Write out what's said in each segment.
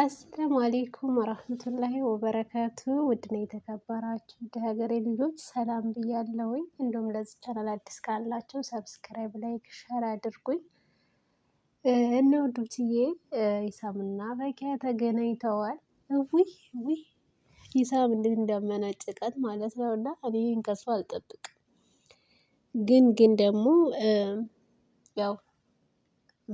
አሰላሙ አሌይኩም ወራህመቱላሂ ወበረካቱ። ውድና የተከበራችሁ እንደ ሀገሬ ልጆች ሰላም ብያለሁኝ። እንዲሁም ለዚህ ቻናል አዲስ ካላችሁ ሰብስክራይብ፣ ላይክ፣ ሸር አድርጉኝ። እነ ውዱትዬ ኢሳምና ፈኪሀ ተገናኝተዋል። ውይ ውይ ኢሳም እንዴት እንዳመናጭቃት ማለት ነው። እና እኔ ከሱ አልጠብቅም፣ ግን ግን ደግሞ ያው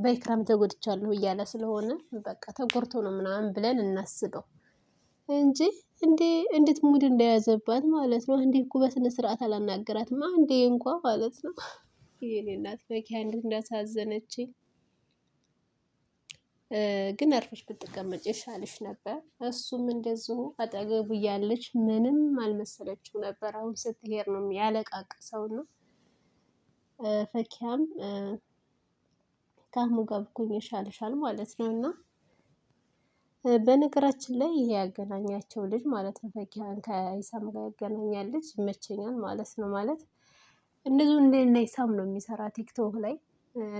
በኢክራም ተጎድቻለሁ እያለ ስለሆነ በቃ ተጎርቶ ነው ምናምን ብለን እናስበው እንጂ እንዴ እንዴት ሙድ እንደያዘባት ማለት ነው። እንዴ እኮ በስነ ስርዓት አላናገራትም አንዴ እንኳ ማለት ነው። የኔ እናት እንዴት እንዳሳዘነች ግን አርፈሽ ብትቀመጭ ይሻልሽ ነበር። እሱም እንደዚሁ አጠገቡ እያለች ምንም አልመሰለችው ነበር። አሁን ስትሄድ ነው ነው ፈኪያም ከአህሙ ጋር ብኮኝ ይሻልሻል ማለት ነው። እና በነገራችን ላይ ይሄ ያገናኛቸው ልጅ ማለት ነው ፈኪሀን ከኢሳም ጋር ያገናኛል ልጅ ይመቸኛል ማለት ነው። ማለት እንደዚሁ እንደ ኢሳም ነው የሚሰራ ቲክቶክ ላይ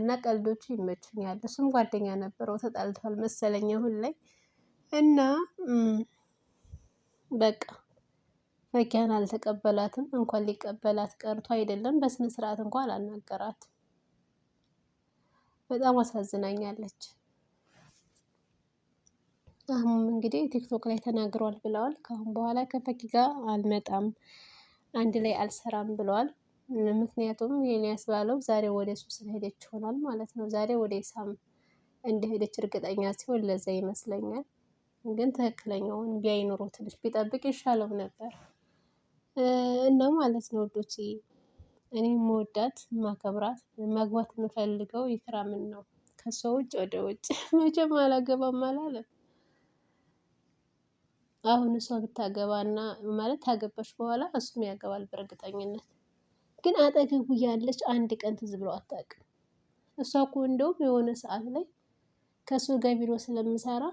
እና ቀልዶቹ ይመቹኛል። እሱም ጓደኛ ነበረው ተጣልቷል መሰለኝ አሁን ላይ እና በቃ ፈኪሀን አልተቀበላትም። እንኳን ሊቀበላት ቀርቶ አይደለም በስነ ስርዓት እንኳን አልናገራት። በጣም አሳዝናኛለች። አሁን እንግዲህ ቲክቶክ ላይ ተናግሯል ብለዋል። ከአሁን በኋላ ከፈኪ ጋር አልመጣም፣ አንድ ላይ አልሰራም ብለዋል። ምክንያቱም ኤልያስ ያስባለው ዛሬ ወደ እሱ ስለሄደች ይሆናል ማለት ነው። ዛሬ ወደ ኢሳም እንደሄደች እርግጠኛ ሲሆን ለዛ ይመስለኛል። ግን ትክክለኛውን ቢያይኖሮ ትንሽ ቢጠብቅ ይሻለው ነበር እና ማለት ነው ዶቲ እኔ መወዳት ማከብራት መግባት የምፈልገው ኢክራምን ነው። ከሷ ውጭ ወደ ውጭ መቼም አላገባም አላለም። አሁን እሷ ብታገባና ማለት ታገባች በኋላ እሱም ያገባል በእርግጠኝነት። ግን አጠገቡ ያለች አንድ ቀን ትዝ ብሎ አታውቅም። እሷ እኮ እንደውም የሆነ ሰዓት ላይ ከእሱ ጋር ቢሮ ስለምሰራ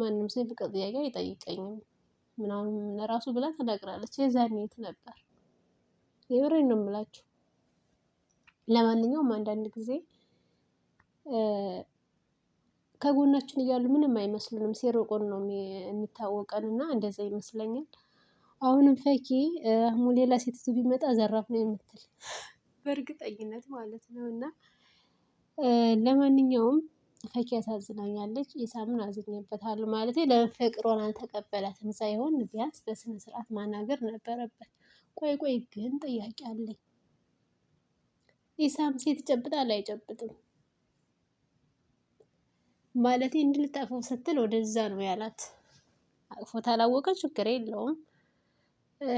ማንም ሰው የፍቅር ጥያቄ አይጠይቀኝም ምናምን ለራሱ ብላ ተናግራለች። የዛኔት የት ነበር? የብሬን ነው የምላችሁ። ለማንኛውም አንዳንድ ጊዜ ከጎናችን እያሉ ምንም አይመስሉንም፣ ሲርቁን ነው የሚታወቀን እና እንደዛ ይመስለኛል። አሁንም ፈኪ አህሙ ሌላ ሴትቱ ቢመጣ ዘራፍ ነው የምትል በእርግጠኝነት ማለት ነው። እና ለማንኛውም ፈኪ ያሳዝናኛለች፣ የሳምን አዝኜበታለሁ ማለት ለፍቅሯን አልተቀበላትም ሳይሆን ቢያንስ በስነ ስርዓት ማናገር ነበረበት። ቆይ ቆይ ግን ጥያቄ አለኝ። ኢሳም ሴት ይጨብጣል አይጨብጥም? ማለቴ እንድልጠፈው ስትል ወደዛ ነው ያላት። አቅፎ ታላወቀ ችግር የለውም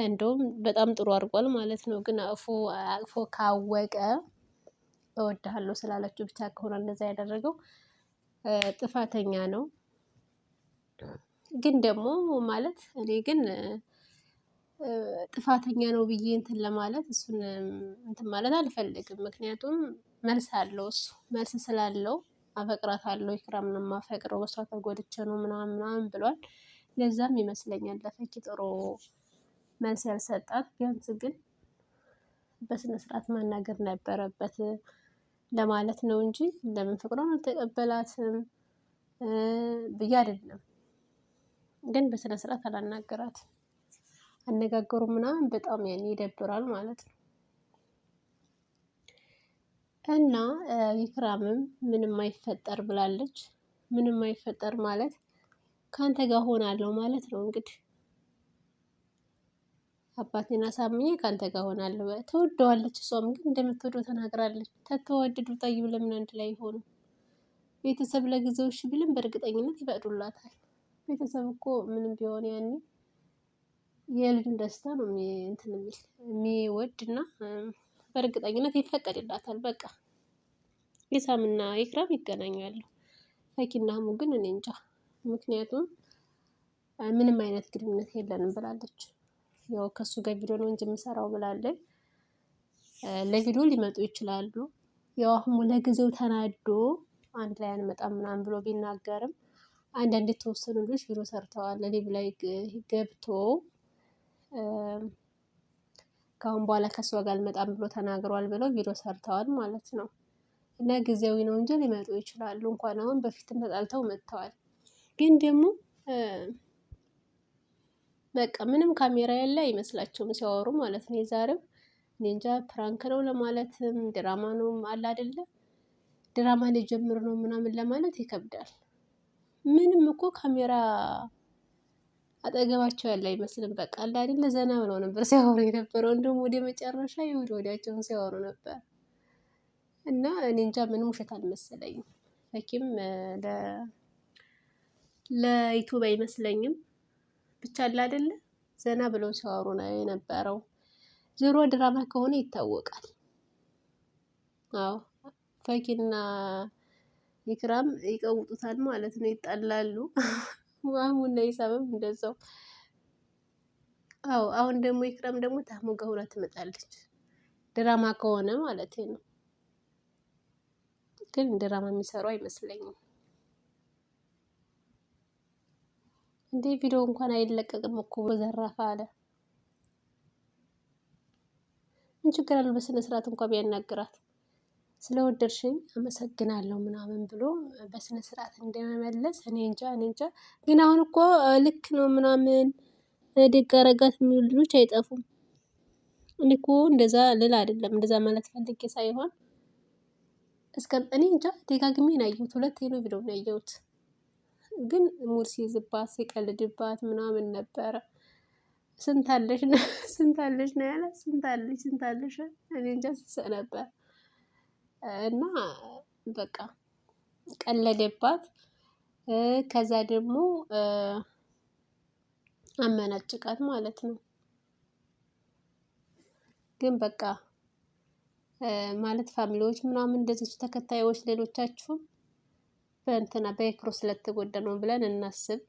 እንደውም በጣም ጥሩ አድርጓል ማለት ነው። ግን አቅፎ አቅፎ ካወቀ እወድሃለሁ ስላለችው ብቻ ከሆነ እንደዛ ያደረገው ጥፋተኛ ነው። ግን ደግሞ ማለት እኔ ግን ጥፋተኛ ነው ብዬ እንትን ለማለት እሱን እንትን ማለት አልፈልግም። ምክንያቱም መልስ አለው እሱ መልስ ስላለው አፈቅራት አለው ይክራም ነው የማፈቅረው እሷ ተጎድቼ ነው ምናምን ምናምን ብሏል። ለዛም ይመስለኛል ለፈኪ ጥሩ መልስ ያልሰጣት። ቢያንስ ግን በስነ ስርዓት ማናገር ነበረበት ለማለት ነው እንጂ ለምን ፍቅሯን አልተቀበላትም ብዬ አይደለም። ግን በስነ ስርዓት አላናገራትም። አነጋገሩ ምናምን በጣም ያን ይደብራል ማለት ነው። እና ኢክራምም ምንም አይፈጠር ብላለች። ምንም አይፈጠር ማለት ከአንተ ጋር ሆናለሁ ማለት ነው እንግዲህ አባቴን አሳምኜ ከአንተ ጋር ሆናለሁ። ተወደዋለች። እሷም ግን እንደምትወደው ተናግራለች። ተተወደዱ ጠይብ ለምን አንድ ላይ ሆኑ? ቤተሰብ ለጊዜው እሺ ቢልም በእርግጠኝነት ይፈቅዱላታል። ቤተሰብ እኮ ምንም ቢሆን ያኔ የልጁን ደስታ ነው እንትን የሚል የሚወድ እና በእርግጠኝነት ይፈቀድላታል። በቃ ኢሳምና ኢክራም ይገናኛሉ። ፈኪና ሀሙ ግን እኔ እንጃ። ምክንያቱም ምንም አይነት ግንኙነት የለንም ብላለች። ያው ከሱ ጋር ቪዲዮ ነው እንጂ የምሰራው ብላለች። ለቪዲዮ ሊመጡ ይችላሉ። ያው አሁን ለጊዜው ተናዶ አንድ ላይ አንመጣም ምናምን ብሎ ቢናገርም አንዳንድ የተወሰኑ ልጆች ቪዲዮ ሰርተዋል። ሊቭ ላይ ገብቶ ከአሁን በኋላ ከእሷ ጋር አልመጣም ብሎ ተናግሯል ብለው ቪዲዮ ሰርተዋል ማለት ነው። እና ጊዜያዊ ነው እንጂ ሊመጡ ይችላሉ። እንኳን አሁን በፊትም ተጣልተው መጥተዋል። ግን ደግሞ በቃ ምንም ካሜራ የለ አይመስላቸውም ሲያወሩ ማለት ነው። የዛሬው እኔ ፕራንክ ነው ለማለትም ድራማ ነው አለ አይደለ ድራማ ሊጀምር ነው ምናምን ለማለት ይከብዳል። ምንም እኮ ካሜራ አጠገባቸው ያለ አይመስልም። በቃ አለ አይደለ ዘና ብለው ነበር ሲያወሩ የነበረው። እንዲሁም ወደ መጨረሻ የወደ ወዲያቸውን ሲያወሩ ነበር እና እኔ እንጃ ምንም ውሸት አልመሰለኝም። ፈኪም ለዩቱብ አይመስለኝም ብቻ አለ አይደለ ዘና ብለው ሲያወሩ ነው የነበረው። ዞሮ ድራማ ከሆነ ይታወቃል። አዎ ፈኪና ኢክራም ይቀውጡታል ማለት ነው፣ ይጣላሉ። ማሙና ሂሳብም እንደዛው። አዎ አሁን ደግሞ ይክረም ደግሞ ታሞ ጋሁላ ትመጣለች። ድራማ ከሆነ ማለት ነው። ግን ድራማ የሚሰሩ አይመስለኝም። እንዴ ቪዲዮ እንኳን አይለቀቅም እኮ በዘራፋ አለ። ምን ችግር አለው? በስነ ስርዓት እንኳን ቢያናግራት ስለወደድሽኝ አመሰግናለሁ ምናምን ብሎ በስነ ስርዓት እንደመመለስ እኔ እንጃ እኔ እንጃ። ግን አሁን እኮ ልክ ነው ምናምን ደግ አረጋት የሚሉ ልጆች አይጠፉም። እኔ እኮ እንደዛ ልል አይደለም እንደዛ ማለት ፈልጌ ሳይሆን እስከ እኔ እንጃ ደጋግሜ ነው ያየሁት ሁለቴ ነው ቪዲዮውን ያየሁት። ግን ሙድ ሲይዝባት ሲቀልድባት ምናምን ነበረ። ስንታለሽ ነው ስንታለሽ ነው ያለ ስንታለሽ ስንታለሽ። እኔ እንጃ ስሰ ነበር እና በቃ ቀለደባት። ከዛ ደግሞ አመናጭቃት ማለት ነው። ግን በቃ ማለት ፋሚሊዎች ምናምን እንደዚህ ተከታዮች ሌሎቻችሁም በእንትና በኤክሮ ስለተጎዳ ነው ብለን እናስብ፣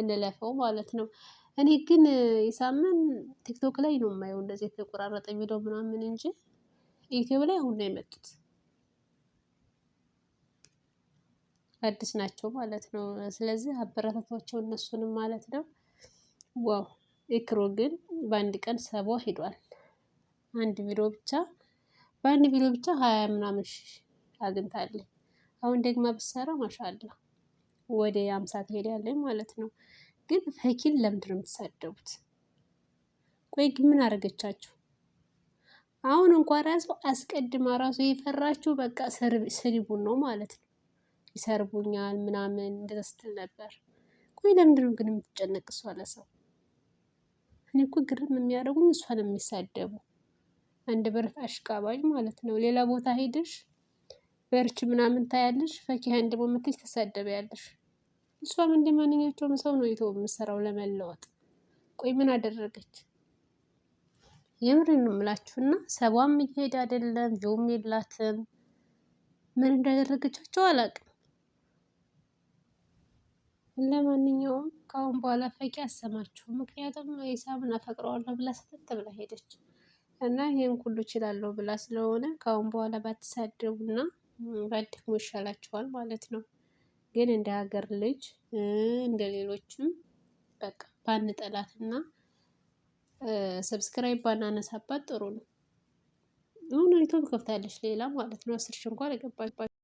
እንለፈው ማለት ነው። እኔ ግን የሳምን ቲክቶክ ላይ ነው የማየው እንደዚህ የተቆራረጠ ቪዲዮ ምናምን እንጂ ዩቲዩብ ላይ አሁን ነው የመጡት። አዲስ ናቸው ማለት ነው። ስለዚህ አበረታቷቸው እነሱንም ማለት ነው። ዋው ኢክሮ ግን በአንድ ቀን ሰቦ ሄዷል። አንድ ቪዲዮ ብቻ በአንድ ቪዲዮ ብቻ ሀያ ምናምን ሺህ አግኝታለች። አሁን ደግሞ ብትሰራ ማሻላ ወደ አምሳ ትሄዳለች ማለት ነው። ግን ፈኪን ለምንድን ነው የምትሳደቡት? ቆይ ግን ምን አደረገቻችሁ? አሁን እንኳን ራሱ አስቀድማ ራሱ የፈራችሁ በቃ ስሪቡን ነው ማለት ነው። ይሰርቡኛል ምናምን እንደዛ ስትል ነበር። ቆይ ለምንድነው ግን የምትጨነቅ እሷ ለሰው? እኔ እኮ ግርም የሚያደርጉኝ ነው የሚሳደቡ አንድ በረት አሽቃባጭ ማለት ነው። ሌላ ቦታ ሄደሽ በርች ምናምን ታያለሽ፣ ፈኪሀን ደግሞ መተሽ ተሳደቢያለሽ። እሷም እንደ ማንኛቸውም ሰው ነው ዩቲዩብ የምሰራው ለመለወጥ። ቆይ ምን አደረገች? የምር ነው የምላችሁና ሰቧም እየሄደ አይደለም፣ ጆም የላትም። ምን እንዳደረገቻቸው አላውቅም። ለማንኛውም ከአሁን በኋላ ፈቂ አሰማችሁ። ምክንያቱም ኢሳምን አፈቅረዋለሁ ብላ ስትት ብላ ሄደች እና ይህን ሁሉ እችላለሁ ብላ ስለሆነ ከአሁን በኋላ ባትሳደቡ ባትሳደቡና ባትደክሙ ይሻላችኋል ማለት ነው። ግን እንደ ሀገር ልጅ እንደ ሌሎችም በቃ ባንጠላት እና ሰብስክራይብ ባናነሳባት ጥሩ ነው። አሁን ዩቱብ ከፍታለች ሌላ ማለት ነው። አስር ሺህ እንኳን የገባችባት